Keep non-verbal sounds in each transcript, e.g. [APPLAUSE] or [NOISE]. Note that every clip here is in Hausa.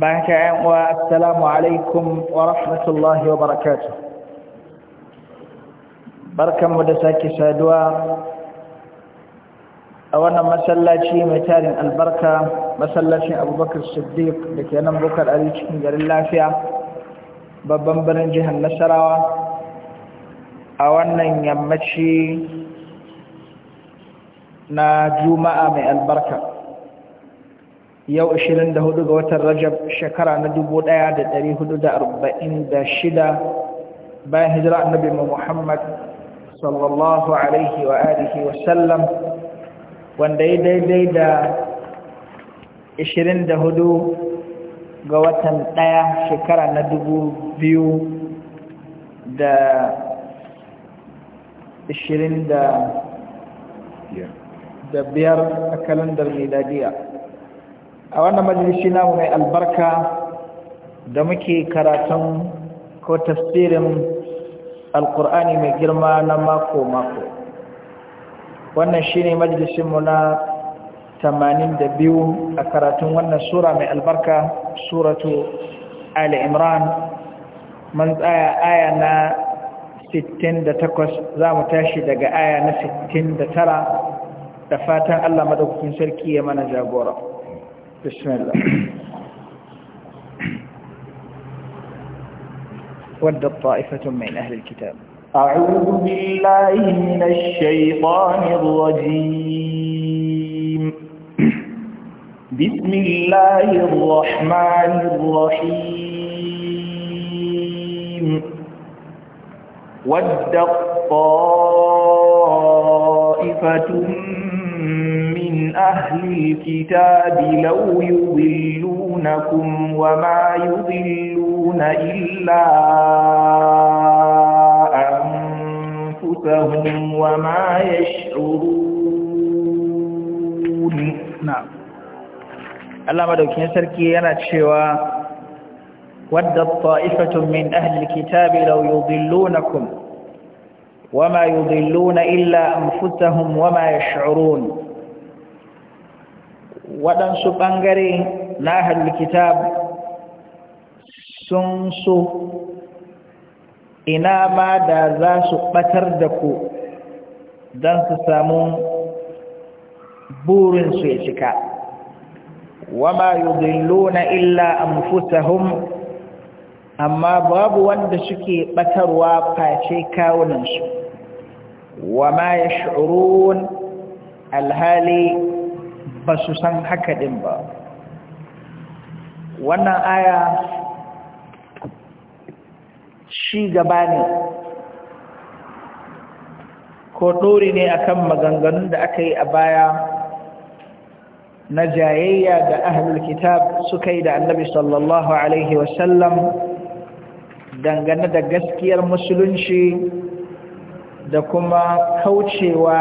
bayan yan uwa assalamu alaikum wa rahmatullahi wa barakatuh barkanmu da sake saduwa a wannan masallaci mai tarin albarka masallacin abubakar siddiq da ke nan bukar ari cikin garin lafiya babban birnin jihar nasarawa a wannan yammaci na juma'a mai albarka yau 24 ga watan rajab shekara na 1446 bayan hijira annabi muhammad sallallahu alaihi wa alihi wa sallam wanda ya daidai da 24 ga watan 1 shekara na 2000 da 20 da biyar a kalandar miladiya a wannan majalisi namu mai albarka da muke karatun ko tafsirin alkur'ani mai girma na mako-mako wannan shi ne majalisinmu na 82 a karatun wannan sura mai albarka suratu ali imran man tsaya aya na 68 za mu tashi daga aya na 69 da fatan allah madaukakin sarki ya mana jagora بسم الله ود الطائفة من أهل الكتاب أعوذ بالله من الشيطان الرجيم بسم الله الرحمن الرحيم ود الطائفة طائفة من أهل الكتاب لو يضلونكم وما يضلون إلا أنفسهم وما يشعرون نعم الله مدوكين سركي أنا تشوى ودت طائفة من أهل الكتاب لو يضلونكم وما يضلون إلا أنفسهم وما يشعرون waɗansu ɓangare na halkitab sun so ina ma da za su ɓatar da ku don su samu burinsu ya cika wama yudilluna illa anfusahum amma babu wanda suke ɓatarwa face kawunansu wa ma yash'urun alhali ba su san haka din ba wannan aya shi gaba ne ko ɗori ne akan maganganun da aka yi a baya na jayayya da ahlul kitab suka yi da annabi sallallahu alaihi wasallam dangane da gaskiyar musulunci da kuma kaucewa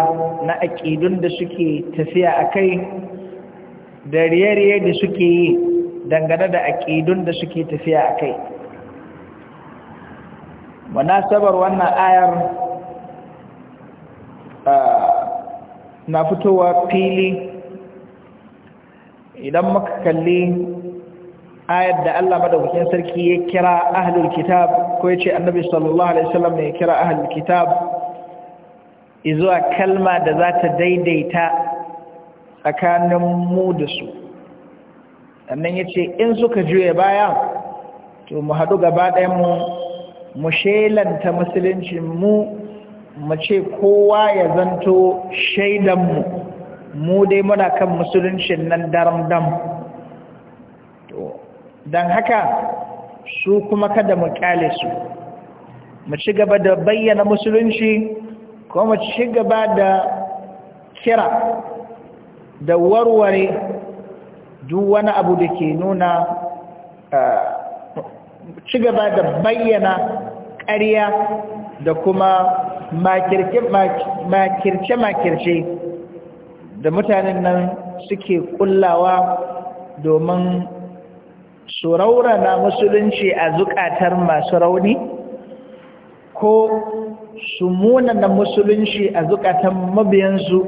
na aƙidun da suke tafiya a kai da riyariye da suke yi dangane da aƙidun da suke tafiya a kai munasabar wannan ayar na fitowa fili idan muka kalli ayar da Allah madaukakin sarki ya kira ahlul kitab ko ya ce annabi sallallahu alaihi wasallam ya kira ahlul kitab izuwa kalma da za ta daidaita tsakanin mu da su sannan ya ce in suka juya baya to mu haɗu gaba mu mu shelanta musuluncin mu mu ce kowa ya zanto shaidan mu dai muna kan musuluncin nan daram-dam don haka su kuma kada mu ƙyale su mu ci gaba da bayyana musulunci kuma ci gaba da kira da warware duk wani abu da ke nuna ci gaba da bayyana ƙarya da kuma makirce-makirce da mutanen nan suke kullawa domin su na musulunci a zukatar masu rauni ko su munana musulunci a zukatan mabiyansu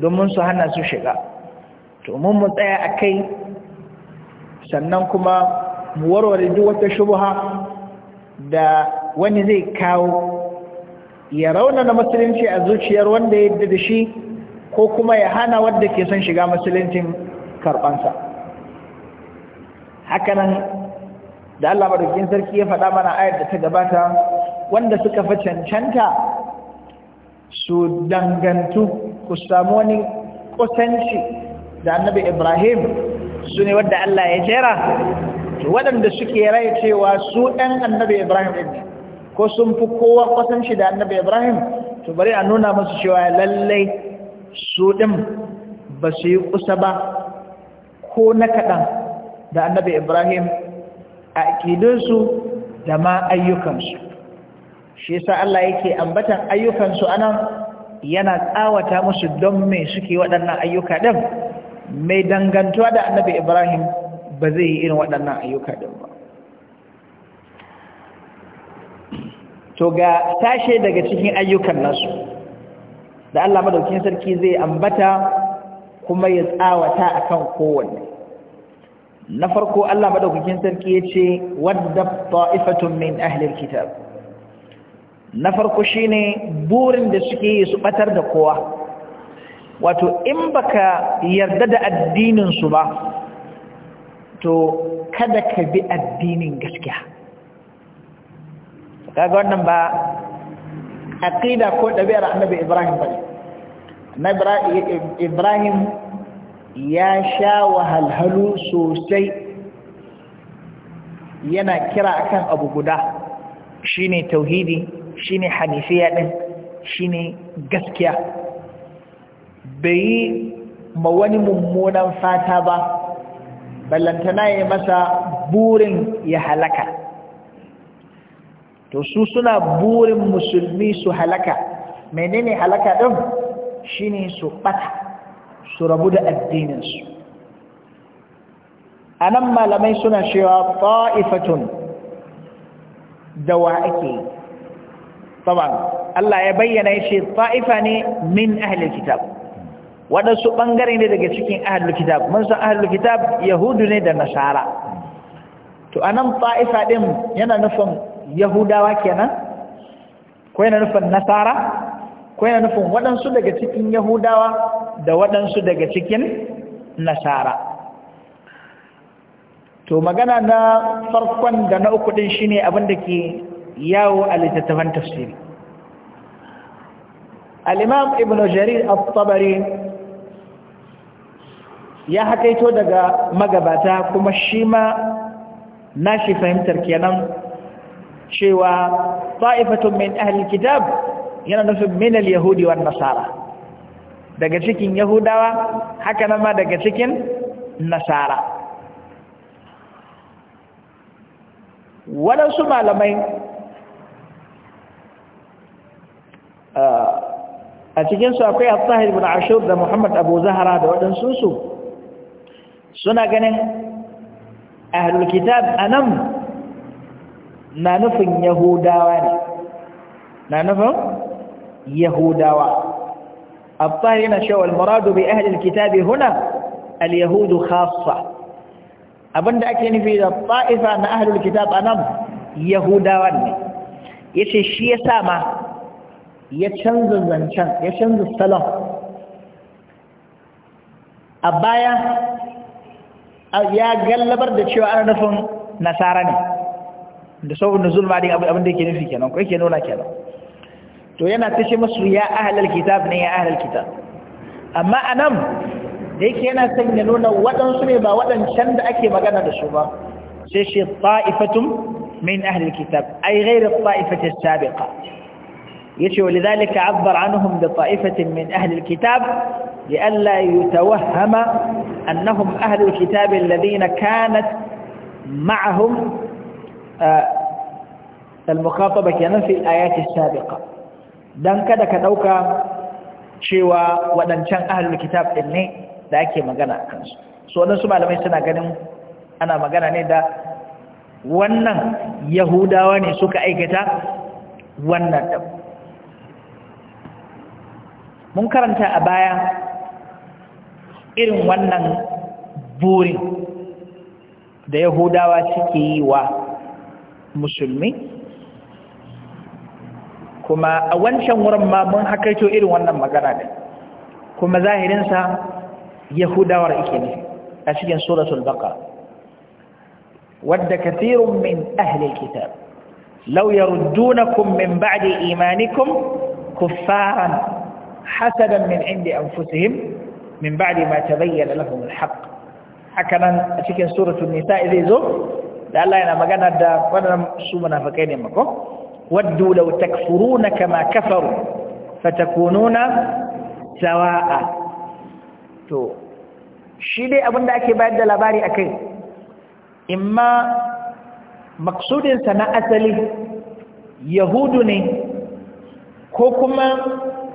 domin su hana su shiga to mu tsaya a kai sannan kuma mu warware duk wata shubuha da wani zai kawo ya raunana musulunci a zuciyar wanda ya da shi ko kuma ya hana wadda ke son shiga musuluncin karbansa hakanan da Allah da sarki ya faɗa mana ayar da ta gabata wanda suka fi cancanta su dangantu ku samu wani kusanci da annabi ibrahim su ne wadda Allah ya jera waɗanda suke rai cewa su ɗan annabi ibrahim ɗin ko sun fi kowa kusanci da annabi ibrahim to bari a nuna masu cewa lallai su ɗin ba su yi kusa ba ko na kaɗan da annabi ibrahim a ƙidinsu da ma ayyukansu shi yasa Allah yake ambatan ayyukan su anan yana tsawata musu don me suke waɗannan ayyuka din? mai dangantuwa da annabi Ibrahim ba zai yi irin waɗannan ayyuka din ba to ga tashe daga cikin ayyukan nasu da Allah madaukakin sarki zai ambata kuma ya tsawata akan kowanne na farko Allah madaukakin sarki yace wadda ta'ifatu min ahli kitab na farko shine burin da suke su batar da kowa wato in baka yarda da addininsu ba to kada ka bi addinin gaskiya kaga wannan ba aqida ko dabi'ar annabi Ibrahim ba na Ibrahim ya sha wahalhalu sosai yana kira akan abu guda shine tauhidi shine hanifiya din ne gaskiya bai yi ma wani mummunan fata ba ballantana ya masa burin ya halaka to su suna burin musulmi su halaka menene halaka din ne su ɓata su rabu da addininsu a nan malamai suna cewa da wa ake yi taban Allah ya bayyana ce ta'ifa ne min ahlul kitab waɗansu ɓangare ne daga cikin ahlul kitab mun san ahlul kitab yahudu ne da nasara to anan ta'ifa din yana nufin yahudawa kenan ko yana nufin nasara ko yana nufin waɗansu daga cikin yahudawa da waɗansu daga cikin nasara to magana na farkon da na uku din shine abin da ke yawo a littattafan tafsiri Alimam imam ibn jarir al-tabari ya haƙaito daga magabata kuma shi ma nashi fahimtar kenan cewa ta'ifatun min ahli kitab yana nufin minal al-yahudi nasara daga cikin yahudawa haka na ma daga cikin nasara waɗansu malamai a cikinsu akwai al-tahir bin ashur da muhammad abu zahara da waɗansunsu suna ganin ahlul kitab a na nufin yahudawa ne na nufin yahudawa al-tahir yana cewa al-muradu bi ahlul kitab huna al-yahudu khassa abinda ake nufi da ta'ifa na ahlul kitab a yahudawa ne yace shi yasa ma ya canza zancen ya canza salon a baya ya gallabar da cewa ana nufin nasara ne da sauran da zulma din abin da yake nufi kenan ko yake nuna kenan to yana tashi masu ya ahlal kitab ne ya ahlal kitab amma anan da yake yana son ya nuna waɗansu ne ba waɗancan da ake magana da su ba sai shi ta'ifatun min ahlil kitab ai ghairu ta'ifatis sabiqa يشي ولذلك عبر عنهم بطائفة من أهل الكتاب لئلا يتوهم أنهم أهل الكتاب الذين كانت معهم آه، المخاطبة كان في الآيات السابقة دان كذا كدوكا شوى ودان ودنشان أهل الكتاب إني داكي مغانا أكنس دان سبع لما يسنى قدم أنا مغانا نيدا يهودا yahudawa ne أي كتاب wannan دم mun karanta a baya irin wannan burin da yahudawa suke yi wa musulmi kuma a wancan wurin ma mun hakaito irin wannan magana ne kuma zahirinsa yahudawar ike ne a cikin suratul baqara wadda kathirun min ahli alkitab law yaruddunakum min ba'di imanikum kuffaran hasadan min indi anfusihim min ba'di ma tabayyana lahum alhaq hakanan cikin suratul nisa zai zo da magana da wannan su munafikai ne mako waddu law takfuruna kama kafaru fatakununa sawa'a to shi dai abinda ake bayar da labari akai imma maksudinsa na asali yahudu ne ko kuma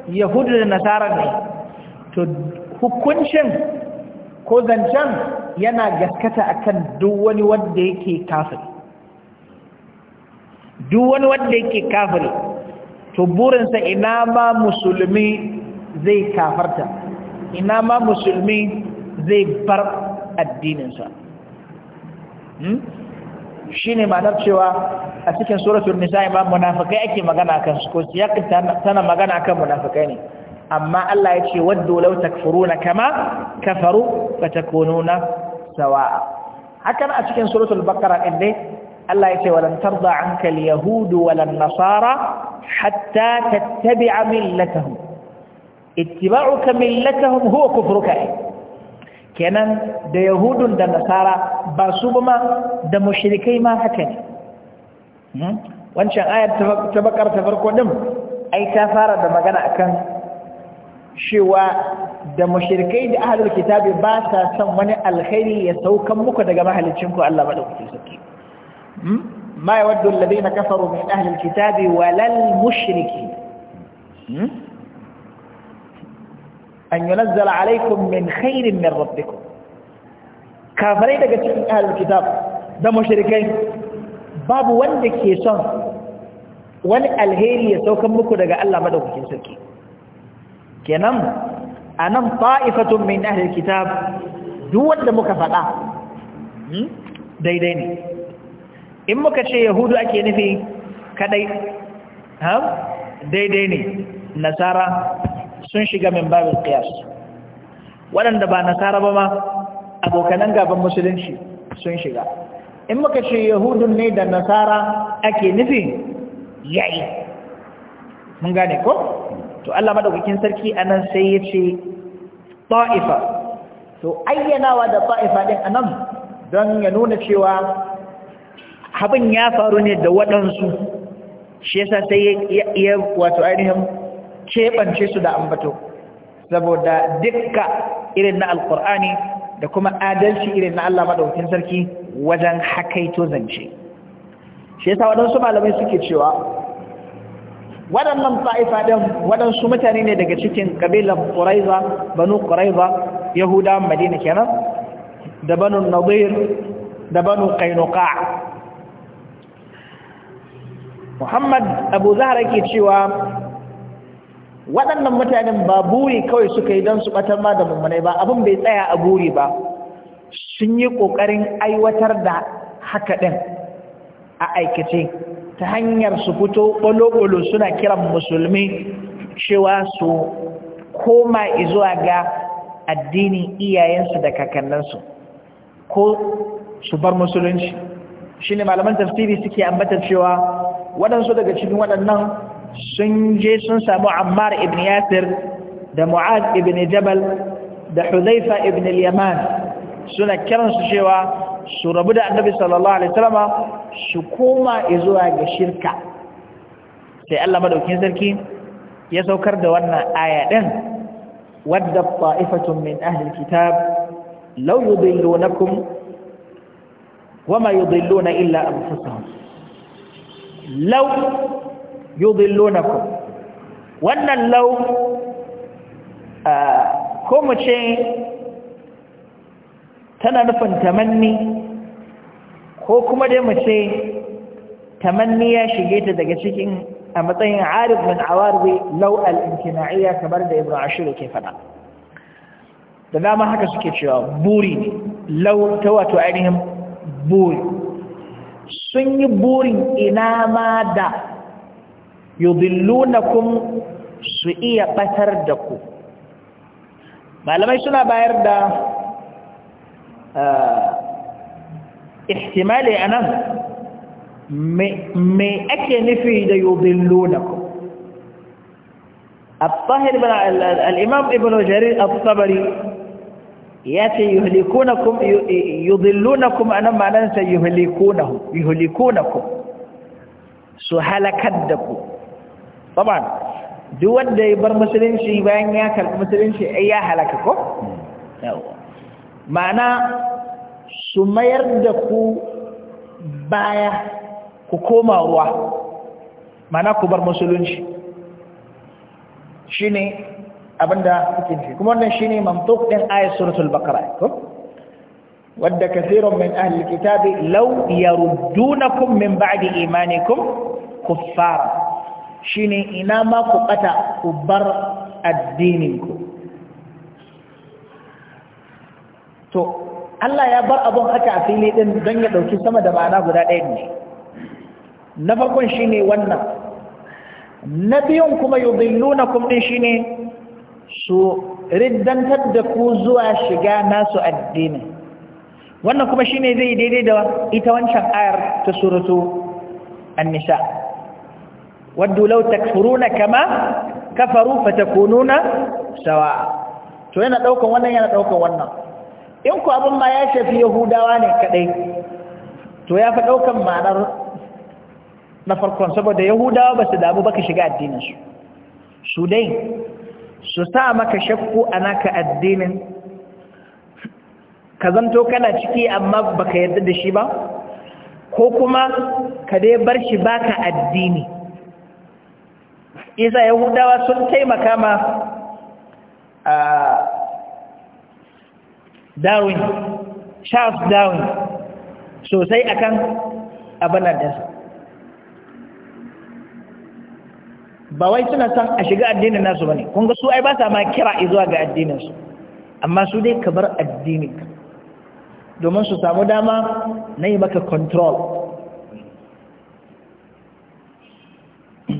yahudu da nasara ne to hukuncin ko zancen yana gaskata akan duk wani wanda yake kafiri duk wanda yake kafiri to burinsa ina ma musulmi zai kafarta ina ma musulmi zai bar addininsa hmm? shine ma'anar cewa a cikin suratul nisa ma munafikai ake magana kan su ko siyak tana magana kan munafikai ne amma Allah yace waddu law takfuruna kama kafaru fatakununa sawa'a hakan a cikin suratul baqara din dai Allah yace walan tarda anka alyahudu walan nasara hatta tattabi'a millatahum ittiba'uka millatahum huwa kufruka kenan da yahudun da nasara ba su ma da mushrikai ma haka ne hmm? wancan ayar ta bakar ta farko din ai ta fara da magana akan cewa da mushirikai da ahlul kitabi ba sa son wani alkhairi ya saukan muku daga mahalicinku Allah madaukakin sarki hmm? ma yawaddu alladhina kafaru min ahlil kitabi walal mushiriki. Hmm? an yunazzala alaikum min khairin min rabbikum kafirai daga cikin ahlul kitab da mushrikai babu wanda ke son wani alheri ya saukan muku daga Allah madaukakin sarki kenan anan ta'ifatun min ahlul kitab duk wanda muka faɗa daidai ne in muka ce yahudu ake nufi kadai daidai ne nasara sun shiga min babin kiyas. waɗanda ba nasara ba ma abokanan gaban musulunci sun shiga in muka ce yahudun ne da nasara ake nufi yayi mun gane ko to Allah madaukakin sarki anan sai ya ce ta'ifa to ayyanawa da ta'ifa din anan don ya nuna cewa abin ya faru ne da waɗansu shi yasa sai ya wato ainihin keɓance su da ambato saboda dukka irin na Alƙur'ani da kuma adalci irin na Allah maɗaukin sarki wajen hakaito zance shi yasa waɗansu malamai suke cewa waɗannan ta'ifa ɗin waɗansu mutane ne daga cikin ƙabilar ƙuraiza banu ƙuraiza yahudawan madina kenan da banu nadir da banu qainuqa muhammad abu zahra ke cewa waɗannan mutanen ba buri kawai suka yi don su ɓatar ma da mummunai ba abin bai tsaya a buri ba sun yi ƙoƙarin aiwatar da haka ɗin a aikace ta hanyar su fito ɓolo-ɓolo suna kiran musulmi cewa su koma izuwa ga addinin iyayensu da kakanninsu ko su bar musulunci shi ne malaman tafsiri suke ambatar cewa waɗansu daga cikin waɗannan sun je sun samu ammar ibn yasir da mu'ad ibn jabal da hudhaifa ibn al-yaman suna kiransu cewa su rabu da annabi sallallahu alaihi wasallam su koma zuwa ga shirka sai Allah madaukakin sarki ya saukar da wannan aya din wadda ta'ifatun min ahli kitab law yudillunakum wama yudilluna illa anfusahum law yudillunakum wannan law uh, ko mu ce tana nufin tamanni ko kuma dai mu ce tamanni ya shige ta daga cikin a matsayin arif min awarbi law al-imtina'iyya kamar da ibnu ashir ke fada da dama haka suke cewa buri ta wato ainihin buri sun yi burin ina ma da yudillunakum su iya batar da ku malamai suna bayar da ihtimali anan me ake nufi da yudillunakum الطاهر بن الإمام ابن جرير الطبري ياتي يهلكونكم يضلونكم أنا ما ننسى يهلكونهم يهلكونكم سهلكدكم saban duk wanda ya bar musulunci bayan ya karɓi musulunci ai ya halaka ko ma'ana su mayar da ku baya ku koma ruwa ma'ana ku bar musulunci shine abinda kuke ji kuma wannan shine mantuq din ayat suratul baqara ko wadda kaseerun min ahli alkitabi law yaruddunakum min ba'di imanikum kuffara shine ina ma ku bata ku bar addininku to Allah ya bar abun haka a fili ɗin don ya ɗauki sama da ma'ana guda ɗaya ne na farkon shine wannan na biyun kuma yudillunakum din shine su riddantar da ku zuwa shiga nasu addini wannan kuma shine zai daidai da ita wancan ayar ta suratu an waddu law takfuruna kama kafaru fatakununa sawa to yana daukan wannan yana daukan wannan in ku abin ma ya shafi yahudawa ne kadai to ya fi daukan ma'anar na farkon saboda yahudawa ba su damu baka shiga addinin su su dai su sa maka shakku a naka addinin ka zanto kana ciki amma baka yarda da shi ba ko kuma ka dai bar shi baka addini isa yahudawa sun taimaka ma a darwin charles darwin sosai akan abin da ba wai suna san a shiga addinin nasu ba kun ga su ai ba sa ma kira zuwa ga addininsu. amma su dai ka bar addinin domin su samu dama na yi maka control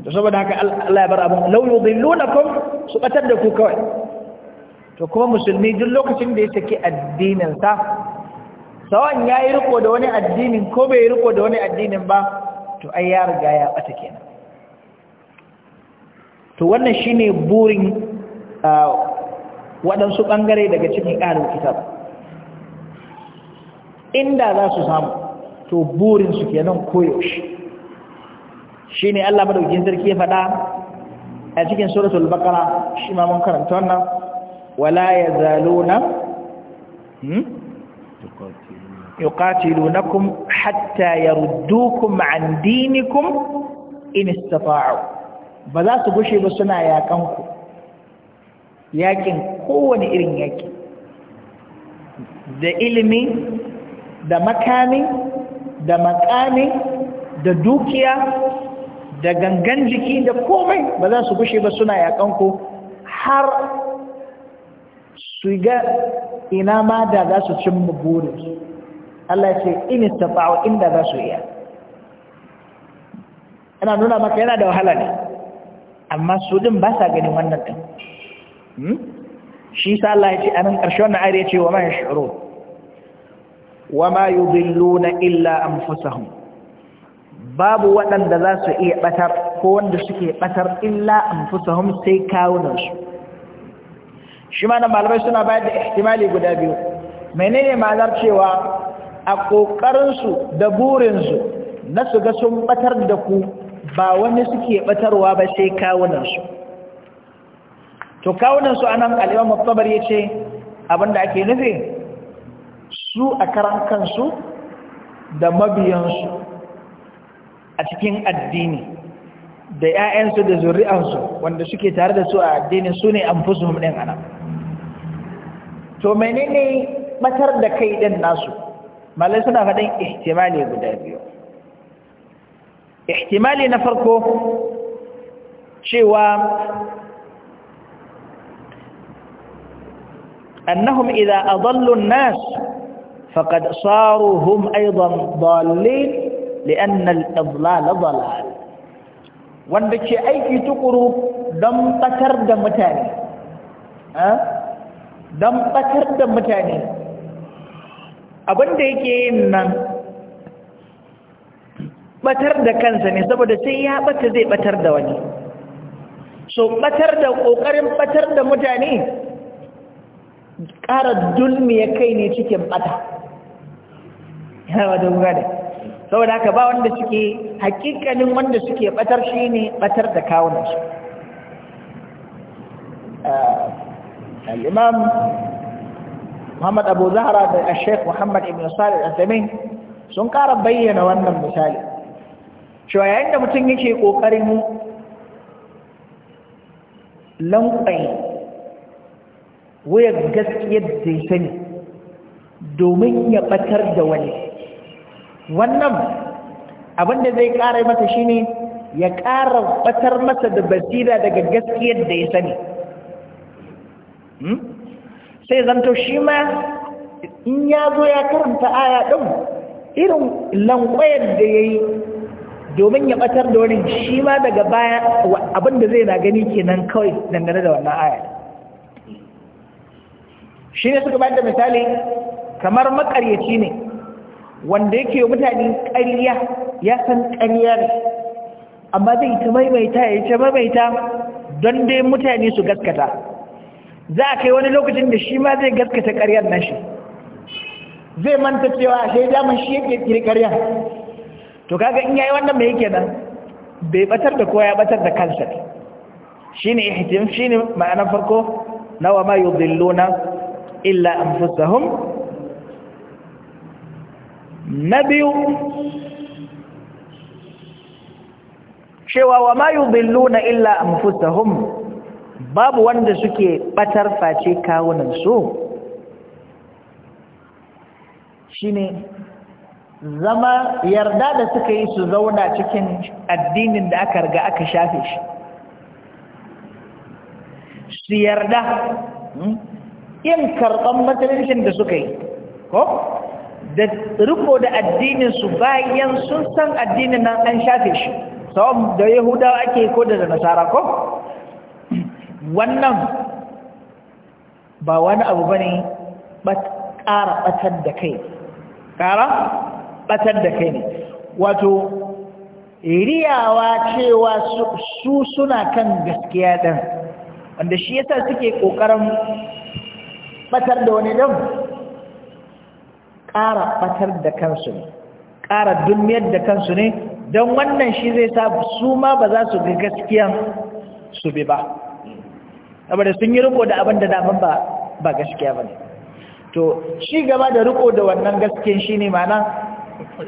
to saboda haka Allah ya bar abin law yudillunakum su batar da ku kawai to kuma musulmi duk lokacin da ya saki addinin sa sawan yayi riko da wani addinin ko bai riko da wani addinin ba to ai ya riga ya bata kenan to wannan shine burin waɗansu ɓangare daga cikin ƙarin kitab inda za su samu to burinsu kenan koyaushe shine Allah madaukakin sarki ya faɗa a cikin suratul baqara shi ma mun karanta wannan wala yazaluna hmm yuqatilunakum hatta yaruddukum an dinikum in istata'u ba za su gushe ba suna yaƙanku. ku kowane irin yaƙi da ilimi da makami da makami da dukiya da gangan jiki da komai ba za su gushe ba suna yaƙanku har su ga ina ma da za su cin burinsu Allah ce in istafa'u inda za su iya ana nuna maka yana da wahala ne amma su din ba sa ganin wannan din hmm? shi sa Allah ya ce a nan ƙarshen na ayar ya ce wa ma yash'urun wa ma yudilluna illa anfusahum babu waɗanda za su iya ɓatar ko wanda suke ɓatar illa an fusahun sai kawunansu shi ma na malamai suna bayar da ihtimali guda biyu menene ma'anar cewa a ƙoƙarinsu da burinsu na su ga sun ɓatar da ku ba wani suke ɓatarwa ba sai kawunansu to kawunansu a nan al'imam muktabar ya ce abinda ake nufi su a karan kansu da mabiyansu a cikin addini da 'ya'yansu da zuri'ansu wanda suke tare da su a addini su ne an fusu ɗin ana to ne batar da kai ɗin nasu malai suna faɗin ihtimali guda biyu ihtimali na farko cewa Annahum إذا أضلوا nasu فقد صاروا هم أيضا ضالين li'anna al-idlal dalal wanda ke aiki tukuru don batar da mutane don batar da mutane abinda yake yin nan batar da kansa ne saboda sai ya bata zai batar da wani so batar da kokarin batar da mutane ƙara dulmi ya kai ne cikin bata yana da gane saboda haka ba wanda suke hakikanin wanda suke batar shi ne batar da kawunan shi ah, al'imam muhammad abu zahara da ashek muhammad ibn salih al sun ƙara bayyana wannan misali cewa yayin da mutum yake ƙoƙarin lankwai wuyar gaskiyar da sani domin ya batar da wani wannan abin da zai ƙara mata shine ya ƙara batar masa da basira daga gaskiyar da ya sani hmm? sai zanto shi ma in ya zo ya karanta aya ɗin irin lankwayar da ya yi domin ya batar da wani shi ma daga baya abinda zai na gani kenan kawai dangane da wannan aya shi ne suka bayar da misali kamar makaryaci ne wanda yake mutane ƙariya ya san ƙariya ne amma zai ta maimaita ya ta maimaita don dai mutane su gaskata za a kai wani lokacin da shi ma zai gaskata ƙaryar na shi zai manta cewa a shaida man shi yake kiri ƙaryar to kaga in yayi wannan mai yake nan bai batar da kowa ya batar da kansa shine ihtim ne ma'anar farko nawa ma yudilluna illa anfusahum na biyu cewa wa ma na illa anfusahum babu wanda suke batar face kawunan su ne, zama yarda da suka yi su zauna cikin addinin da aka riga aka shafe shi su yarda hmm, yin karɓar matalishin da suka yi ko da riko da su bayan sun san addinin nan an shafe shi sau da yahudawa ake ko da nasara ko wannan ba wani abu bane kara ƙara da kai ƙara batar da kai ne wato riyawa cewa su suna kan gaskiya dan. wanda shi yasa suke ƙoƙarin batar da wani dan? ƙara ɓatar da kansu ne ƙara dumiyar da kansu ne don wannan shi zai sa su ma ba za su ga gaskiya su bi ba saboda sun yi riko da abin da daman ba ba gaskiya ba ne to shi gaba da riko da wannan gaskiyan shi ne mana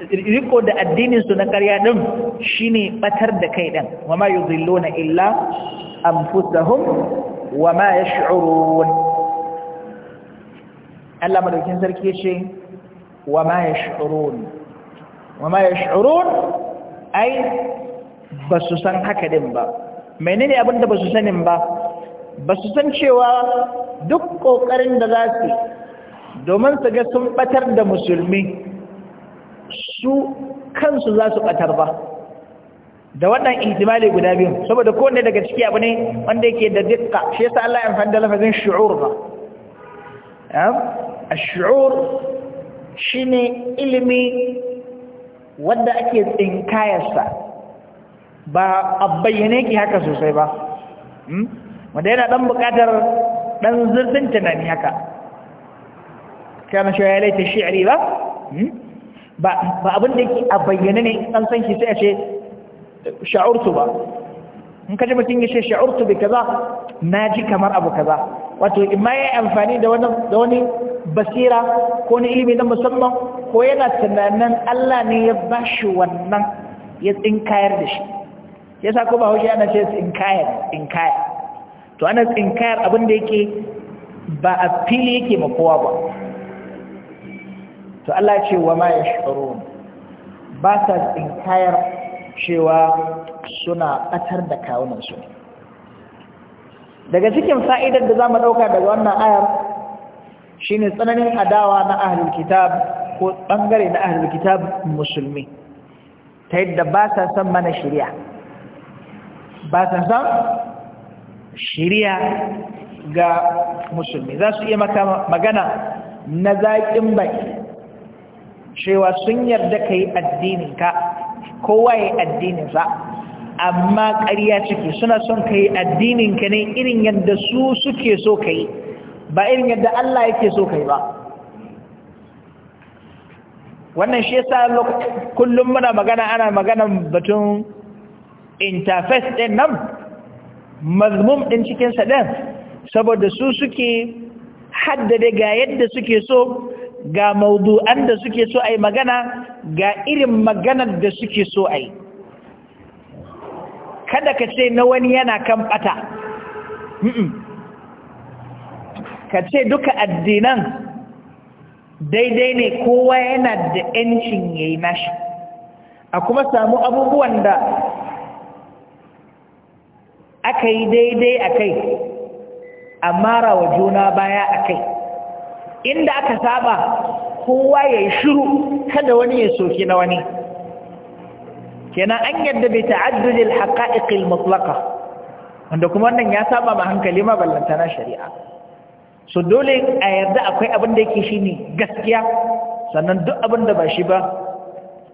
riko da addininsu na ƙarya ɗin shi ne ɓatar da kai ɗin wa ma yi zillo na illa an fusahun wa ma ya shi'urun Allah madaukin sarki ce وما يشعرون وما يشعرون أي بسوسان هكذا با منين أبن بسوسان با بسوسان شوى duk ƙoƙarin da za su domin su ga sun batar da musulmi su kansu za su ba da waɗannan ihtimali guda biyu saboda kowanne daga ciki abu ne wanda yake da dukka shi yasa Allah ya amfani da lafazin shu'ur ba ash-shu'ur shi ne ilimi wanda ake tsinkayarsa ba a bayyane ki haka sosai ba hmm? wanda yana ɗan bukatar ɗan zurfin tunani haka kana shi ya laita ari hmm? ba ba abinda a bayyane ne an san sai a ce sha'urtu ba in ka ji mutum ya ce sha'urtu bi kaza na ji kamar abu kaza wato in ma yayi amfani da wani da wani basira ko ni ilimi na musamman ko yana tunanin Allah ne ya bashi wannan ya tsinkayar da shi yasa ko ba haushi ana ce tsinkayar tsinkayar to ana tsinkayar abin da yake ba a fili yake ma kowa ba to Allah ce wa ma yashurun ba sa tsinkayar cewa suna ɓatar da kawunansu daga cikin fa'idar da za mu ɗauka daga wannan ayar shi ne tsananin adawa na ahalul kitab ko ɓangare na ahalul kitab musulmi ta yadda ba sa san mana shirya ba sa san shirya ga musulmi za su iya maka magana na zaƙin bai cewa sun yarda ka yi addininka kowa ya addininsa amma ƙarya ciki suna son ka yi ka ne irin yadda su suke so ka yi ba irin yadda Allah yake so ka yi ba wannan shi yasa kullum muna magana ana magana batun interface ɗin nan mazmum ɗin cikinsa ɗin saboda su suke haddade ga yadda suke so ga maudu'an da suke so a magana ga irin maganar da suke so a yi kada ka ce na wani yana kan bata ka ce duka addinan daidai ne kowa yana da yancin yi nashi a kuma samu abubuwan da aka yi daidai a kai a mara wa juna baya a kai inda aka saba kowa ya yi shiru kada wani ya soki na wani kenan an yadda bai ta'addud al-haqa'iq al-mutlaqa wanda kuma wannan ya saba ma hankali ma ballanta na shari'a so dole a yarda akwai abin da yake shine gaskiya sannan duk abin da ba shi ba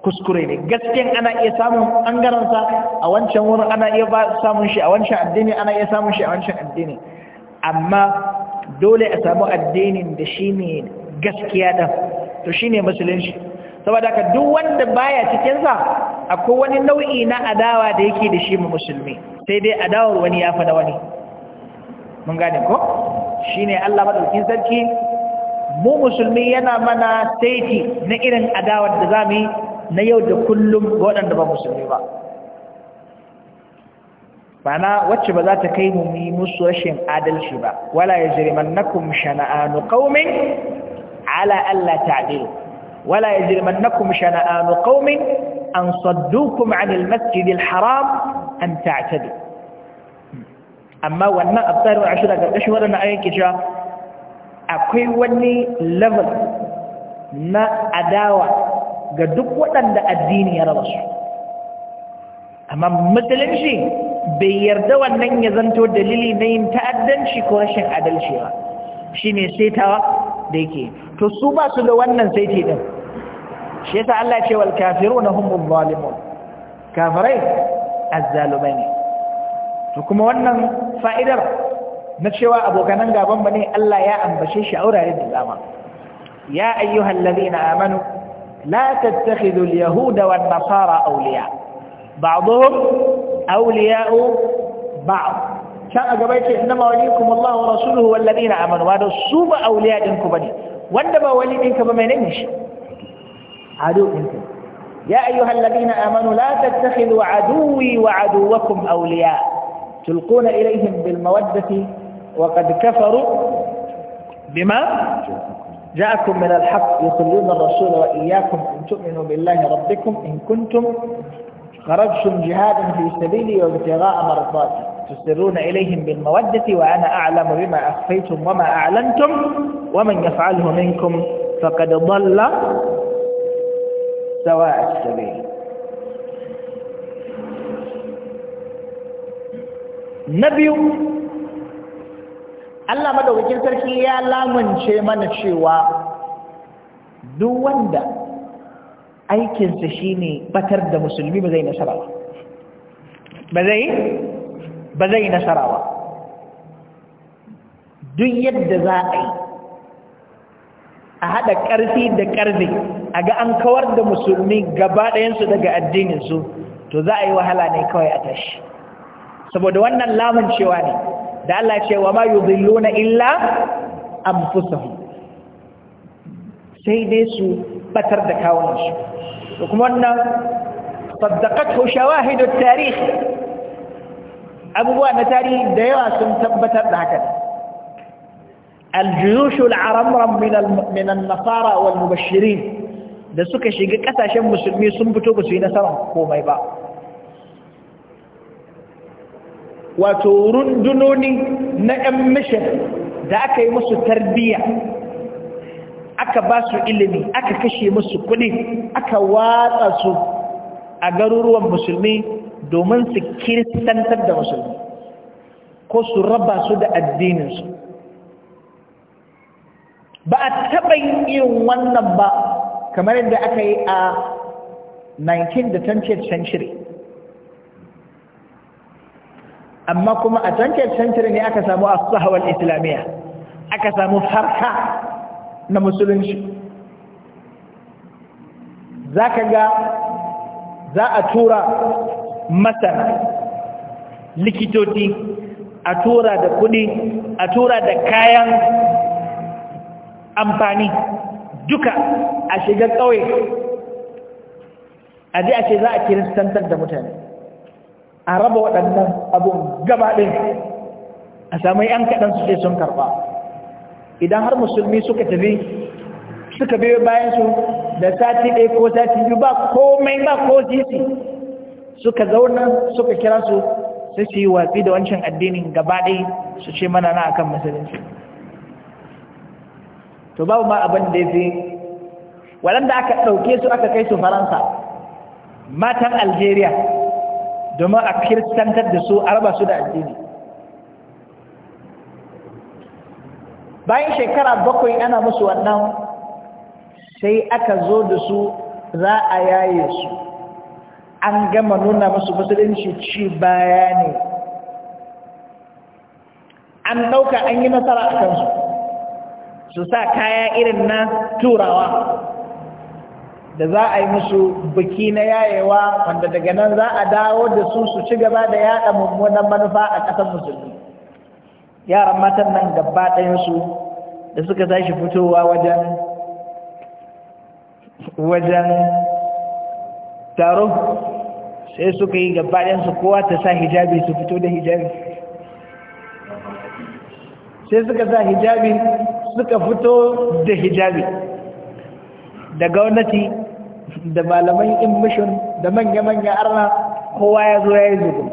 kuskure ne gaskiyan ana iya samun ɓangarensa a wancan wurin ana iya samun shi a wancan addini ana iya samun shi a wancan addini amma dole a samu addinin da shi ne gaskiya ɗan to shi ne musulunci saboda ka duk wanda baya cikin sa akwai wani nau'i na adawa da yake da shi mu musulmi sai dai adawar wani ya fada wani mun gane ko shine Allah maɗaukin sarki mu musulmi yana mana saiti na irin adawar da mu yi na yau da kullum ga waɗanda ba musulmi ba bana wacce ba za ta kai mu yi musu rashin adalci ba wala ya yajrimannakum shana'anu qaumin ala alla ta'dilu ولا يجرمنكم شنآن قوم أن صدوكم عن المسجد الحرام أن تعتدوا أما وانا أبطار وعشرة قرقش ولنا أي كجا أكوي وني لفل نا أداوة قدوك ودن دا الدين يا ربش أما مثلا شيء بيردوا أن يزنتوا دليلي نين تأدن شي كورشن أدل شيئا شيني سيتاوة da yake to su ba su da wannan sai ce din shi yasa Allah ya ce wal kafiruna humul zalimun kafirai azzalumai ne to kuma wannan fa'idar na cewa abokanan gaban ba ne Allah ya ambace shi a wuraren da dama ya ayyuhal ladina amanu la tattakhidhu al-yahuda wan nasara awliya ba'dhum awliya'u ba'd كان أجابة إنما وليكم الله ورسوله والذين آمنوا هذا سوء أولياء إنكم بني وندب ولي منك بما ينمش عدو منك يا أيها الذين آمنوا لا تتخذوا عدوي وعدوكم أولياء تلقون إليهم بالمودة وقد كفروا بما جاءكم من الحق يخلون الرسول وإياكم إن تؤمنوا بالله ربكم إن كنتم خرجتم جهادا في سبيلي وابتغاء مرضاتي تسرون إليهم بالمودة وأنا أعلم بما أخفيتم وما أعلنتم ومن يفعله منكم فقد ضل سواء السبيل نبي Allah madaukakin sarki ya lamunce mana cewa duk wanda aikinsa shine batar da musulmi ba zai nasara ba zai ba zai nasara ba duk yadda za a yi a haɗa ƙarfi da ƙarfi a ga an kawar da musulmi gaba ɗayansu daga addininsu to za a yi wahala ne kawai a tashi saboda wannan lamun cewa ne da Allah ce wa ma yudhilluna illa anfusahum sai dai su batar da kawunansu to kuma wannan saddaqathu shawahidu at tarihi. abubuwa na tarihi da yawa sun tabbatar da haka aljuyushul aramram min nasara wal mubashirin da suka shiga kasashen musulmi sun fito ba su yi nasara komai ba wato rundunoni na 'yan mishin da aka yi musu tarbiyya aka ba su ilimi aka kashe musu kuɗi aka watsa su a garuruwan musulmi domin su kiristantar da musulmi ko su raba su da addininsu ba a taɓa yin irin wannan ba kamar yadda aka yi a 19th century amma kuma a 20th century ne aka samu a sahawar islamiyya aka samu farka na musulunci za ka ga za a tura masar likitoci a tura da kudi a tura da kayan amfani duka a shiga ƙauye a ji a ce za a kiristantar da mutane a raba waɗannan abun gabaɗin a samu ‘yan kaɗan su ce sun karɓa idan har musulmi suka tafi suka biyo bayansu da sati ɗaya ko sati biyu ba komai ba ko sisi suka zauna suka kira su sai su yi watsi da wancan addinin gabaɗai su ce mana na akan musulunci to babu ma abin da ya fi waɗanda aka ɗauke su aka kai su faransa matan algeria domin a kiristantar da su a raba su da addini bayan shekara bakwai ana musu wannan sai aka zo da su za a yaye su an gama nuna musu musulunci ci baya ne an ɗauka an yi nasara a kansu su sa kaya irin na turawa da za a yi musu biki na yayewa wanda daga nan za a dawo da su su ci gaba da yaɗa mummunan manufa a ƙasar musulmi yaran matan nan gaba ɗayansu da suka tashi fitowa wajen wajen taro sai suka yi su kowa ta sa hijabi su fito da hijabi sai suka sa hijabi suka fito da hijabi da gwamnati da malaman immishon da manya-manya arna kowa ya zo ya yi zuku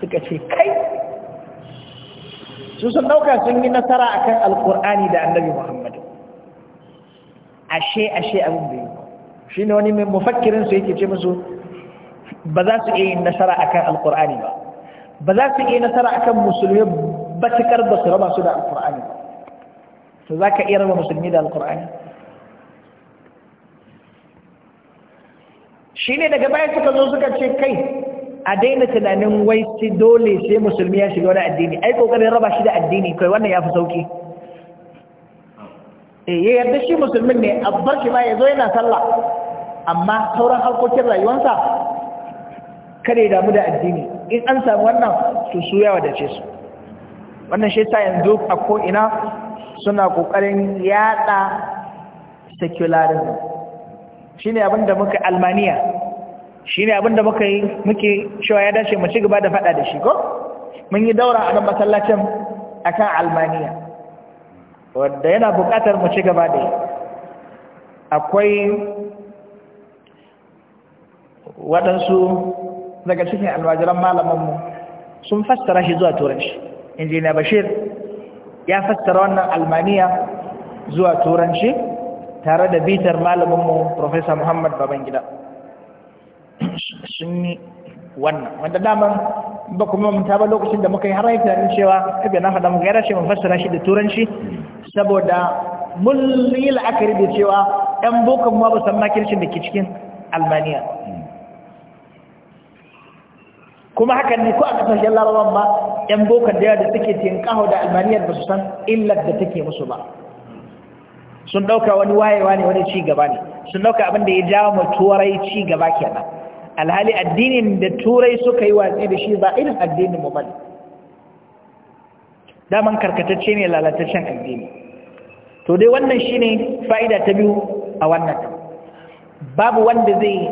suka ce kai su sun ɗauka sun yi nasara akan alkur'ani da annabi muhammadu ashe ashe abin da yi shi ne wani mai mafakkirin su yake ce musu ba za su iya yin nasara a kan alƙur'ani ba ba za su iya nasara a kan musulmi ba cikar ba su raba su da alƙur'ani ba su za ka iya raba musulmi da alƙur'ani shi ne daga baya suka zo suka ce kai a daina tunanin wai si dole sai musulmi ya shiga wani addini ai kokarin raba shi da addini kai wannan ya fi sauki E, eh, yarda shi musulmin ne a barki ma ya zo yana sallah amma sauran harkokin rayuwansa kare damu da addini in an samu wannan su su yawa da su wannan shi ta yanzu a ko'ina suna ƙoƙarin yada secularism shi ne abinda muka almaniya shi ne abinda muka yi muke cewa ya dace mu ci gaba da faɗa da shi ko mun yi daura a nan masallacin akan almaniya wadda yana bukatar mu ci gaba da akwai waɗansu daga cikin almajiran malamanmu sun fassara shi zuwa turanci injiniya bashir ya fassara wannan almaniya zuwa turanci tare da bitar malaminmu profesa muhammad babangida sun yi wannan wanda daman ba kuma manta ba lokacin da muka yi har yi tunanin cewa ibi na faɗa muka ya dace mu fassara shi da turanci saboda mun yi la'akari da cewa 'yan bokan ma ba san makircin da ke cikin almaniya kuma hakan ne ko a kasashen larabawan ba yan bokan da yawa da suke tinkaho da almaniyar ba su san illar da take musu ba sun ɗauka wani wayewa ne wani ci gaba ne sun ɗauka abin da ya jawo mu turai ci gaba kenan alhali addinin da turai suka yi watsi da shi ba irin addinin mu bane daman karkatacce ne lalataccen addini to dai wannan shine fa'ida ta biyu a wannan babu wanda zai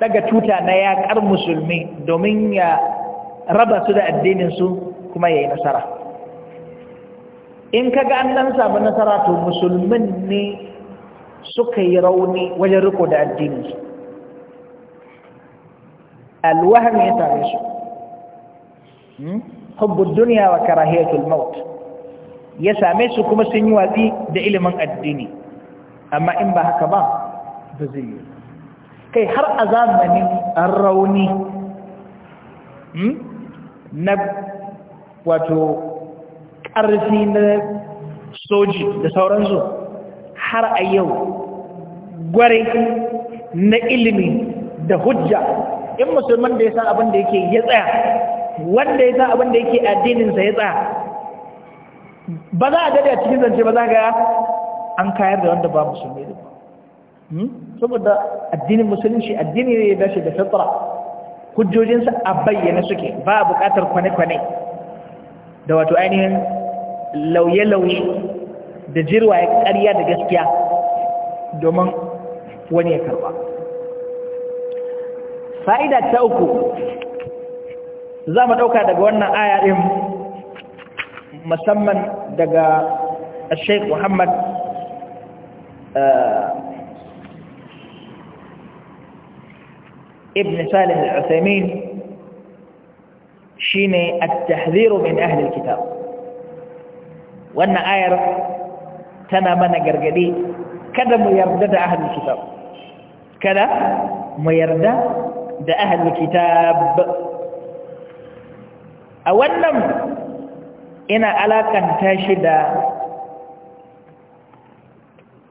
daga tuta na yaƙar musulmi domin ya raba su da addininsu kuma ya yi nasara in ka ga an dan samu nasara to musulmin ne suka yi rauni wajen riko da addininsu alwaham ya tare su hmm? hubbun duniya wa karahiyatul maut ya same su kuma sun yi watsi da ilimin addini amma in ba haka ba ba zai yi kai har a zamanin rauni hmm, na wato ƙarfi na soji da sauransu har a yau gware na ilimi da hujja in musulman da ya sa abinda yake ya tsaya wanda ya sa abinda yake addininsa ya tsaya ba za a dade a cikin zance ba za ga an kayar da wanda ba musulmi da ba Hmm? saboda addinin musulunci addini ne ya shi da fitra hujjojinsa a bayyana suke ba a bukatar kwane-kwane da wato ainihin lauye-lauye da jirwa ya ƙarya da gaskiya domin wani ya karba fa'ida ta uku za mu ɗauka daga wannan aya musamman daga sheik muhammad eh, ibn salih al-usaimin shine at-tahdhiru min ahli al-kitab wannan ayar tana mana gargadi kada mu yarda da ahli al-kitab kada mu yarda da a wannan ina alakanta shi da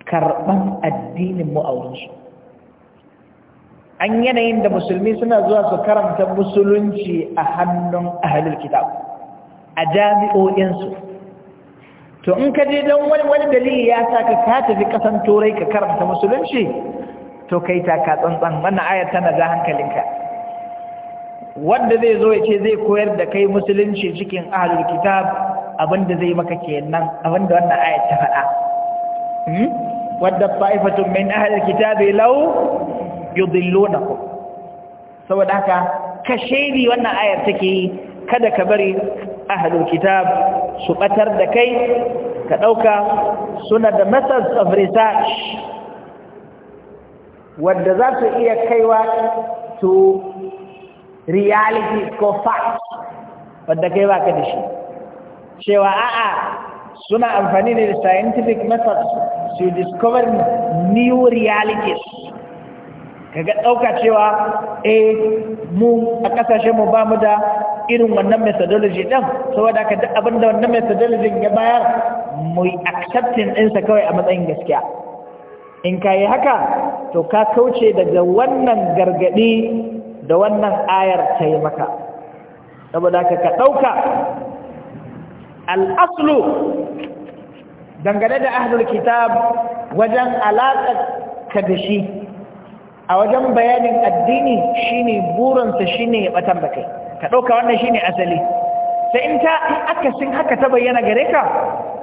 karban addinin mu a an yanayin da musulmi suna zuwa su karanta musulunci a hannun ahalul kitab a jami'o'insu to in ka je don wani wani dalili ya sa ka ka tafi kasan turai ka karanta musulunci to kai ta ka tsantsan wannan ayar tana da hankalinka wanda zai zo ya ce zai koyar da kai musulunci cikin ahalul kitab abinda zai maka ke kenan abinda wannan ayar ta faɗa hmm? wadda fa'ifatun min ahalul kitabi lau? yudillunakum saboda haka ka shaidi wannan ayar take kada ka bari ahlul kitab su batar da kai ka dauka suna da methods of research wanda za su iya kaiwa to reality ko fact wanda kai ba ka da shi cewa a'a suna amfani da scientific methods to discover new realities kaga ɗauka cewa eh mu a ƙasashen mu ba mu da irin wannan methodology ɗin saboda ka duk abinda wannan methodology ya bayar mu accepting ɗinsa kawai a matsayin gaskiya in ka haka to ka kauce daga wannan gargadi da wannan ayar ta yi maka saboda ka ka ɗauka al'aslu dangane da ahlul kitab wajen alaka ka da shi a wajen bayanin addini shine burinsa shine ya batan da kai ka ɗauka wannan shine asali sai in ta akasin haka ta bayyana gare ka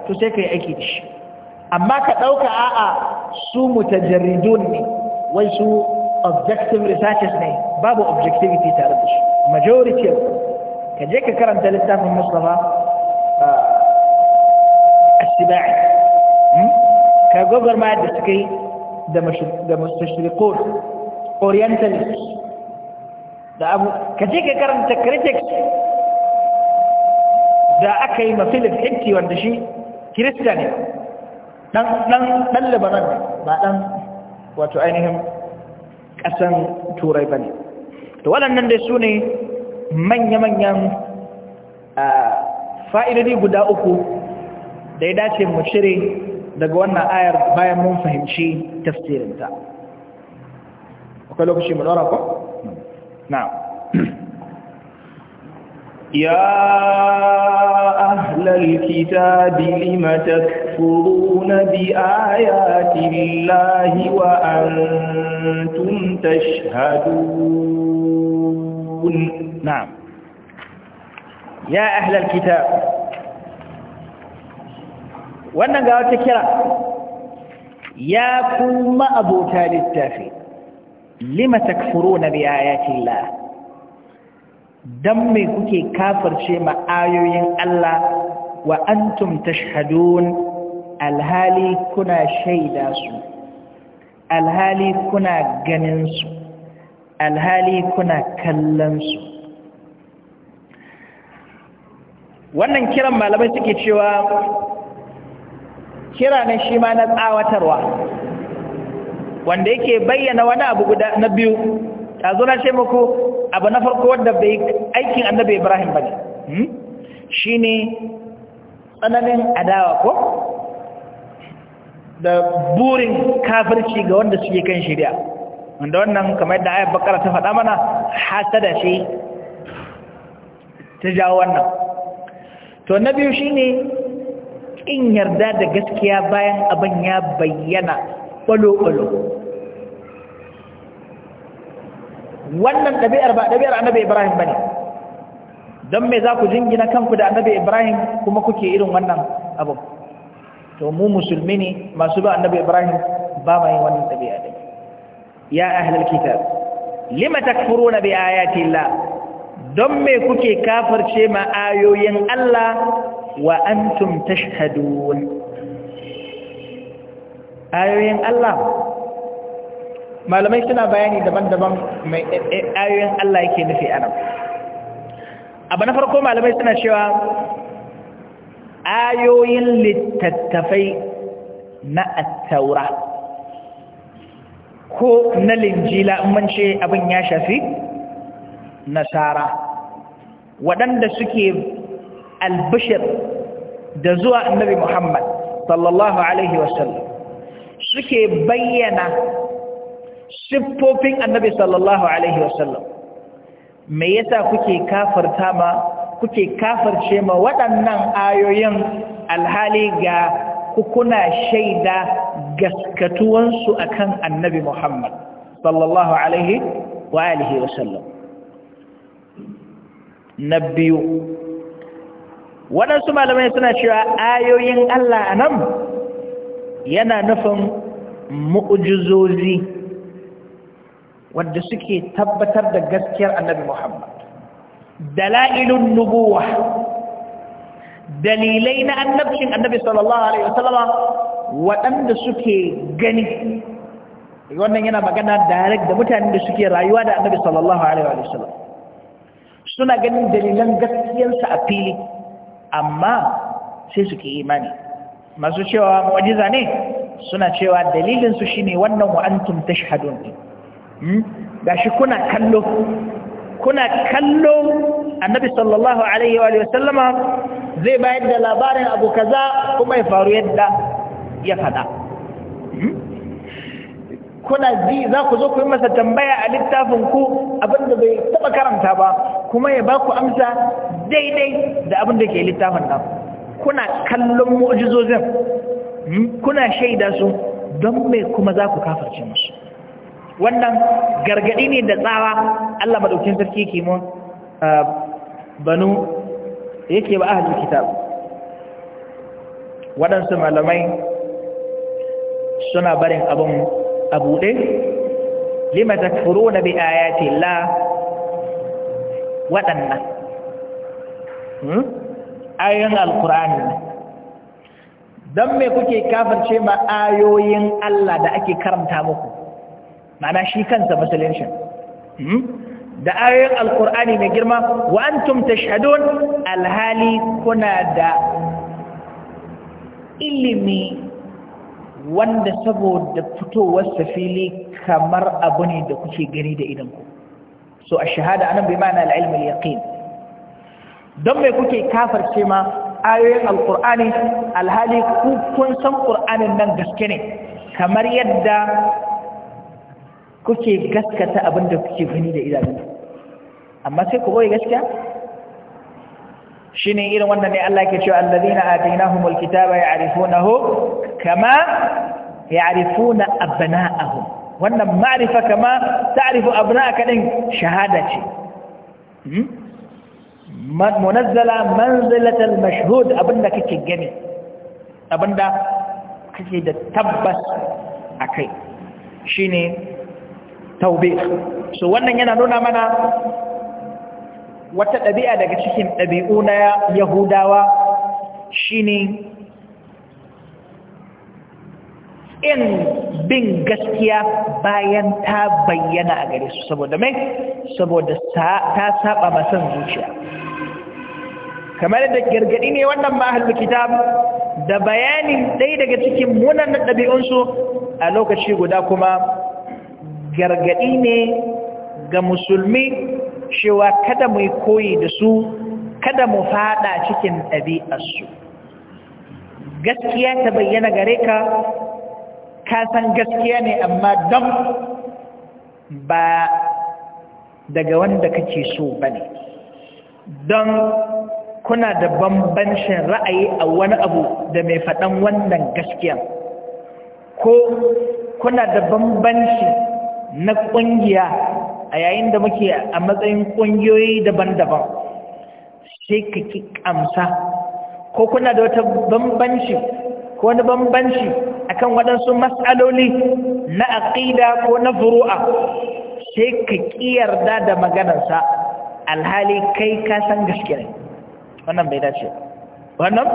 to sai ka yi aiki da shi amma ka ɗauka a'a su mutajarridun ne wai su objective researches ne babu objectivity tare da shi majority of ka je ka karanta littafin mustafa asibai ah, hmm? ka gwagwarma da suka yi da mustashirikon orientalist da abu ka ka karanta critics da aka yi mafilin hinti wanda shi kirista ne ɗan libanan ba ɗan wato ainihin ƙasan turai ba ne da waɗannan dai su ne manya-manyan fa'idodi guda uku da ya dace mu cire daga wannan ayar bayan mun fahimci tafsirinta. قالوا بشي من وراء نعم يا أهل الكتاب لم تكفرون بآيات الله وأنتم تشهدون نعم يا أهل الكتاب وأنا قلت كرا يا كل ما أبو تالي التافي lima takfuruna bi ayatillah dan me kuke kafarce ma'ayoyin Allah wa antum tashhadun alhali kuna shaida su alhali kuna ganin su alhali kuna kallon su wannan kiran malamai suke cewa kira ne shi ma na tsawatarwa wanda yake bayyana wani abu guda na biyu ta zo na ce muku abu na farko wadda bai aikin annabi ibrahim ba ne hmm? shi ne tsananin adawa ko da burin kafirci ga wanda suke kan shirya wanda wannan kamar yadda ayat bakara ta faɗa mana hasada ce ta jawo wannan to na biyu shi ne ƙin yarda da gaskiya bayan abin ya bayyana ɓalo-ɓalo wannan ɗabi'ar ba ɗabi'ar annabi ibrahim ba ne don me za ku jingina kanku da annabi ibrahim kuma kuke irin wannan abu to mu musulmi ne masu ba annabi ibrahim ba ma yin wannan ɗabi'a ɗin ya ahlal kitab lima takfuruna bi ayati llah don me kuke kafarce ma ayoyin Allah wa antum tashhadun ayoyin Allah malamai suna bayani daban-daban mai eh, eh, ayoyin Allah yake nufi a nan abu na farko malamai suna cewa ayoyin littattafai na attaura ko na linjila mun abin ya shafi nasara waɗanda suke albishir da zuwa annabi Muhammad sallallahu alaihi wasallam suke bayyana siffofin annabi sallallahu alaihi wasallam me yasa kuke kafarta ma kuke kafarce ma waɗannan ayoyin alhali ga kuna shaida gaskatuwansu akan annabi Muhammad sallallahu alaihi wa alihi wasallam na biyu waɗansu malamai suna cewa ayoyin Allah a nan yana nufin mu'ujizozi wadda suke tabbatar da gaskiyar annabi Muhammad dalailun nubuwa dalilai na annabcin annabi sallallahu alaihi wasallama waɗanda suke gani wannan yana magana direct da mutanen da suke rayuwa da annabi sallallahu alaihi wasallam suna ganin dalilan gaskiyarsa a fili amma sai suke imani masu cewa mu'jiza ne suna cewa dalilinsu shi ne wannan wa'antum ta shahadun hmm? ga shi kuna kallo kuna kallo annabi sallallahu alaihi wa sallama zai bayar da labarin abu kaza kuma ya faru yadda ya fada hmm? kuna ji za ku zo ku yi masa tambaya a littafin ku abinda bai taba karanta ba kuma ya ba ku amsa daidai da abinda ke littafin nan kuna kallon mu'jizozin kuna shaida su don mai kuma za ku kafarci musu wannan gargaɗi ne da tsawa Allah maɗaukin sarki ke mun banu yake ba ahalin kitab waɗansu malamai suna barin abin a buɗe lima ta furo na bi ayati la waɗannan hmm? ayoyin alkur'ani don me kuke kafirce ma ayoyin Allah da ake karanta muku ma'ana shi kansa musulunci hmm? da ayoyin alkur'ani mai girma wa antum tashhadun alhali kuna da ilimi wanda saboda fitowar safili kamar abu ne da kuke gani da idanku so a shahada anan bai ma'ana al'ilmi al-yaqin don me kuke kafirce ma ayoyin alkur'ani alhali kun san ƙur'anin nan gaske ne kamar yadda kuke gaskata abinda kuke gani da idanu amma sai ku boye gaskiya shine irin wannan ne Allah yake cewa allazina atainahumul kitaba ya'rifunahu kama ya'rifuna abna'ahum wannan ma'rifa kama ta'rifu abna'aka din shahada ce hmm? munazzala manzilatal mashhud abinda kake gani abinda kake da tabbas akai shine taube so wannan yana nuna mana wata ɗabi'a daga cikin ɗabi'u na yahudawa shine in bin gaskiya bayan ta bayyana a gare su saboda mai saboda ta saba masan zuciya kamar da gargadi ne wannan mahallu kitab da bayanin ɗaya daga cikin munanan ɗabi'unsu a lokaci guda kuma gargadi ne ga musulmi cewa kada mu koyi da su kada mu fada cikin ɗabi'arsu gaskiya ta bayyana gare ka ka san gaskiya ne amma don ba daga wanda kake so ba ne don kuna da bambancin ra'ayi a wani abu da mai faɗan wannan gaskiya ko kuna da bambanci na ƙungiya a yayin da muke a matsayin ƙungiyoyi daban-daban sai ka ki ƙamsa ko kuna da wata bambanci ko wani bambanci akan waɗansu matsaloli na aƙida ko na furu'a sai ka ƙi yarda da maganarsa alhali kai ka san gaskiya wannan bai dace ba wannan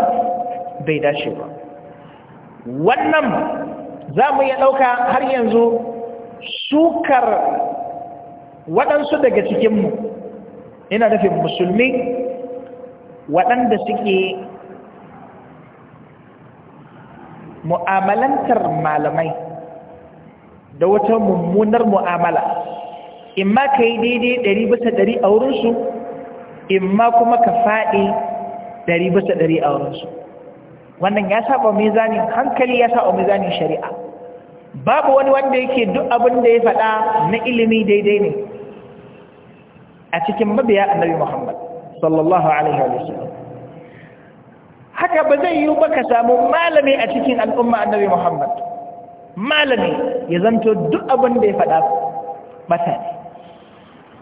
bai dace ba wannan za mu iya ɗauka har yanzu sukar waɗansu daga cikinmu ina nufin musulmi waɗanda suke mu'amalantar malamai da wata mummunar mu'amala in ma ka yi daidai ɗari bisa ɗari a wurinsu In ma kuma ka faɗi ɗari bisa ɗari a wurinsu wannan ya saba mizanin hankali ya saba mizanin shari'a babu wani wanda yake duk abin da ya faɗa na ilimi daidai ne a cikin mabiya annabi muhammad sallallahu alaihi wa sallam haka ba zai yi ba ka samu malami a cikin al'umma annabi muhammad malami ya zanto duk abin da ya faɗa ba ta ne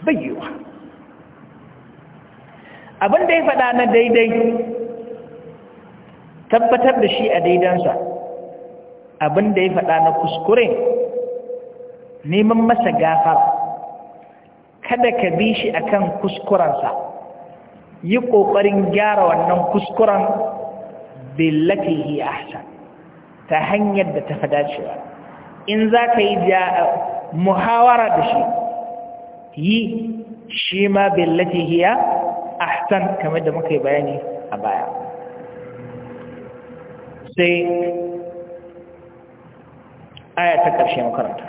bayyuwa abin da ya faɗa na daidai tabbatar da shi a daidansa abin da ya faɗa na kuskure neman masa gafar. kada ka bi shi a kan kuskurensa yi ƙoƙarin gyara wannan kuskuren a ahsan ta hanyar da ta faɗa cewa. in za ka yi muhawara da shi yi shi ma yi a? ahsan kamar da muka yi bayani a baya sai aya ta ƙarshe makaranta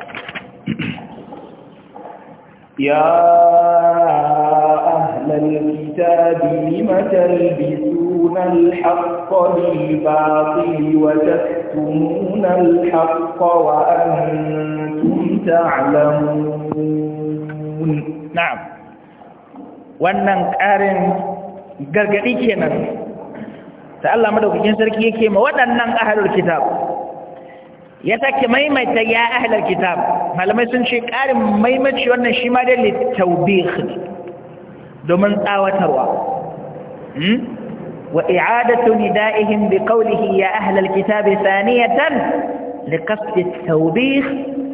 ya ahlal kitabi lima talbisuna al-haqqa bil batili wa taktumuna al-haqqa wa antum ta'lamun na'am wannan ƙarin gargaɗi kenan ta Allah madaukakin sarki yake ma waɗannan ahlul kitab ya sake maimaita ya ahlul kitab malamai sun ce ƙarin maimaci wannan shi ma dai litawbih domin tsawatarwa wa i'adatu nida'ihim biqawlihi ya ahlul kitab thaniyatan liqasd at-tawbih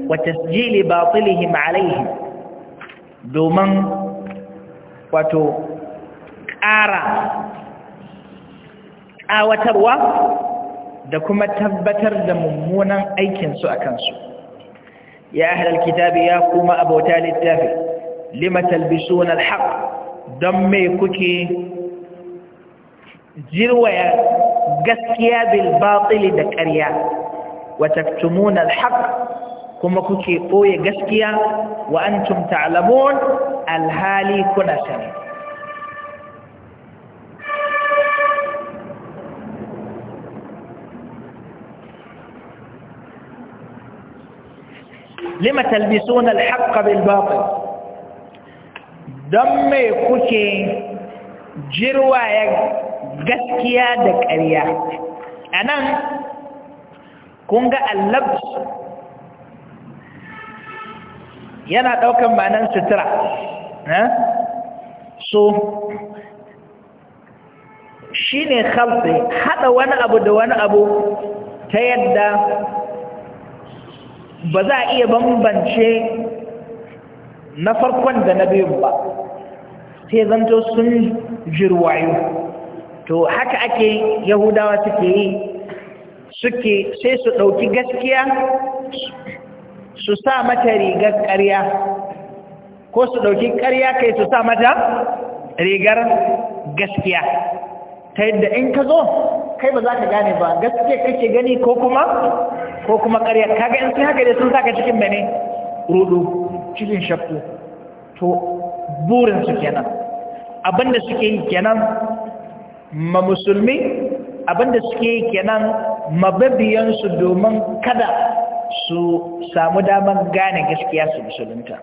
wa tasjil batilihim alayhim domin wato ƙara ƙawatarwa da kuma tabbatar da mummunan aikinsu a kansu ya ahalar kitabi ya kuma abota littafi lima talbisuna alhaq don mai kuke jirwaya gaskiya bil batili da ƙarya wa taktumuna alhaq kuma kuke koye gaskiya wa antum ta'lamun alhali kuna sani lima talbisuna alhaqqa bil batil dan me kuke jirwaye gaskiya da ƙarya anan kun ga allabs yana ɗaukan ma'anar sutura so shi ne khalfi haɗa wani abu da wani abu ta yadda ba za a iya bambance na farkon da na biyun ba sai zanto sun jirwayo to haka ake yahudawa suke yi suke sai su ɗauki gaskiya su sa mata rigar ƙarya ko su ɗauki ƙarya kai su sa mata rigar gaskiya ta yadda in ka zo kai ba za ka gane ba gaskiya kake gani ko kuma ko kuma ƙarya kaga in sun haka da sun saka cikin bane. rudu cikin shakku to burin su kenan da suke yi kenan ma musulmi abin da suke yi kenan mababiyansu domin kada su samu daman gane gaskiya su musulunta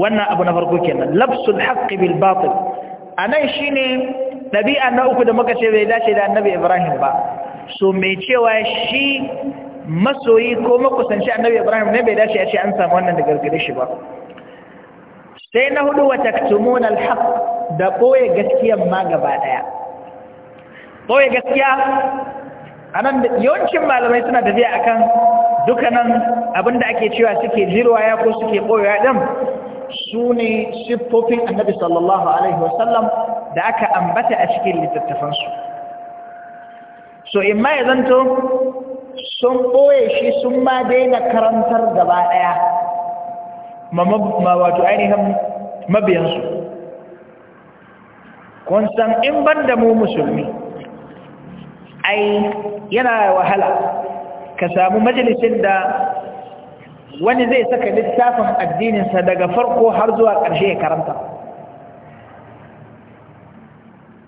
wannan abu na farko kenan labsul haqqi bil batil anan shine dabi'a na uku da muka ce bai dace da annabi Ibrahim ba so mai cewa shi masoyi ko makusanci annabi Ibrahim ne bai dace ya ce an samu wannan da gargade shi ba sai na hudu wa taktumun al haqq da boye gaskiya ma gaba daya boye gaskiya anan yawancin malamai suna tafiya akan dukanan abinda ake cewa suke ya ko suke ɓoyewa ɗan su ne siffofin annabi sallallahu alaihi wasallam da aka ambata a cikin littattafansu so in ma ya zanto sun ɓoye shi sun ma daina karantar gaba ɗaya ma wato ainihin mabiyansu kun san in ban da mu musulmi ai yana wahala ka samu majalisin da wani zai saka littafin addininsa daga farko har zuwa ƙarshe ya karanta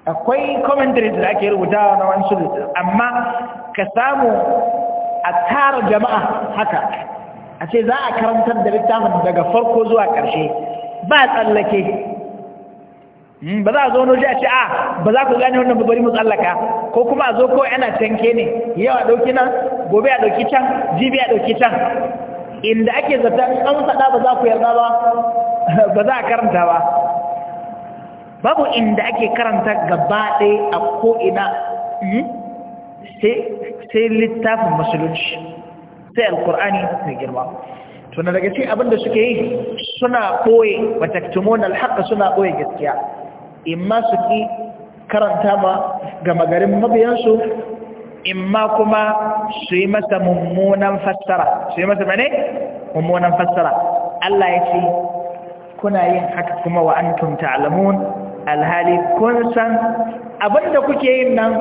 akwai commentaries da ake rubutawa na wani sulutun amma ka samu a tara jama'a haka a ce za a karantar da littafin daga farko zuwa ƙarshe ba tsallake hmm, ba za a zo noji a ce a ah, ba za ku gane wannan bari mu tsallaka ko kuma a zo kawai ana tanke ne yau a ɗauki nan gobe a ɗauki can jibi a ɗauki can inda ake zaton an faɗa ba za ku yarda ba [LAUGHS] ba za a karanta ba babu inda ake karanta gaba ɗaya a ko'ina hmm? sai littafin musulunci sai alkur'ani mai girma tuna daga ce abinda suke yi suna ɓoye mataktumon haka suna ɓoye gaskiya in ma su ƙi karanta ma gama garin mabiyansu imma kuma su yi masa mummunan fassara su yi masa mane mummunan fassara Allah ya ce kuna yin haka kuma wa antum ta'lamun alhali kun san abinda kuke yin nan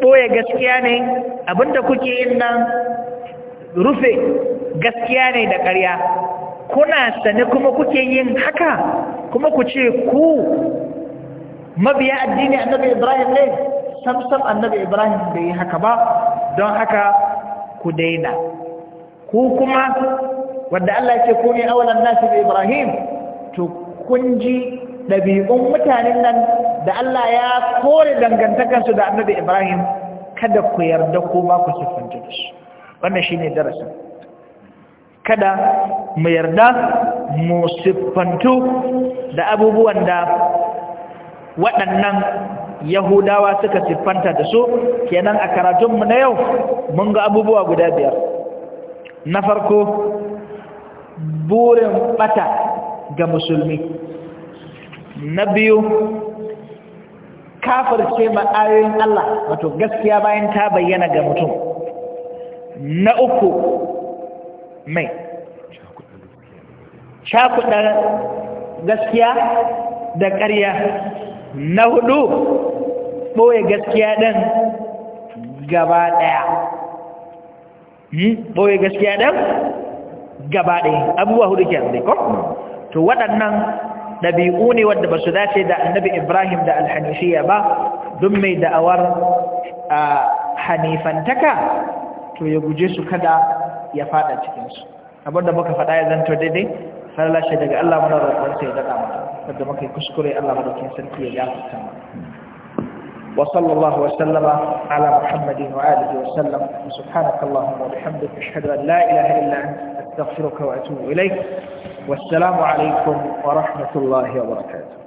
ɓoye gaskiya ne abinda kuke yin nan rufe gaskiya ne da ƙarya kuna sane kuma kuke yin haka kuma ku ce ku mabiya addini annabi Ibrahim ne samsam annabi ibrahim bai yi haka ba don haka ku daina ku kuma wadda Allah yake ku ne awalan nasu ibrahim to kun ji ɗabi'un mutanen nan da Allah ya kore su da annabi ibrahim kada ku yarda ko ba ku siffanta da su wannan shi ne darasin kada mu yarda mu siffantu da abubuwan da waɗannan yahudawa suka siffanta da su kenan a karatunmu na yau mun ga abubuwa guda biyar na farko burin bata ga musulmi na biyu kafirce ma'ayoyin Allah wato gaskiya bayan ta bayyana ga mutum na uku mai shakuɗa gaskiya da ƙarya na hudu ɓoye gaskiya ɗan gaba ɗaya hmm? ɓoye gaskiya ɗan gaba ɗaya abubuwa hudu ke zai ko to waɗannan ɗabi'u ne wadda ba su dace da annabi ibrahim da alhanifiya ba don mai da'awar hanifantaka to ya guje su kada ya fada cikinsu da muka faɗa ya zanto daidai farlashe daga allah muna roƙon sai ya daɗa mata wadda muka yi kuskure allah madaukin sarki ya gafarta mata وصلى الله وسلم على محمد وآله وسلم سبحانك اللهم وبحمدك أشهد أن لا إله إلا أنت أستغفرك وأتوب إليك والسلام عليكم ورحمة الله وبركاته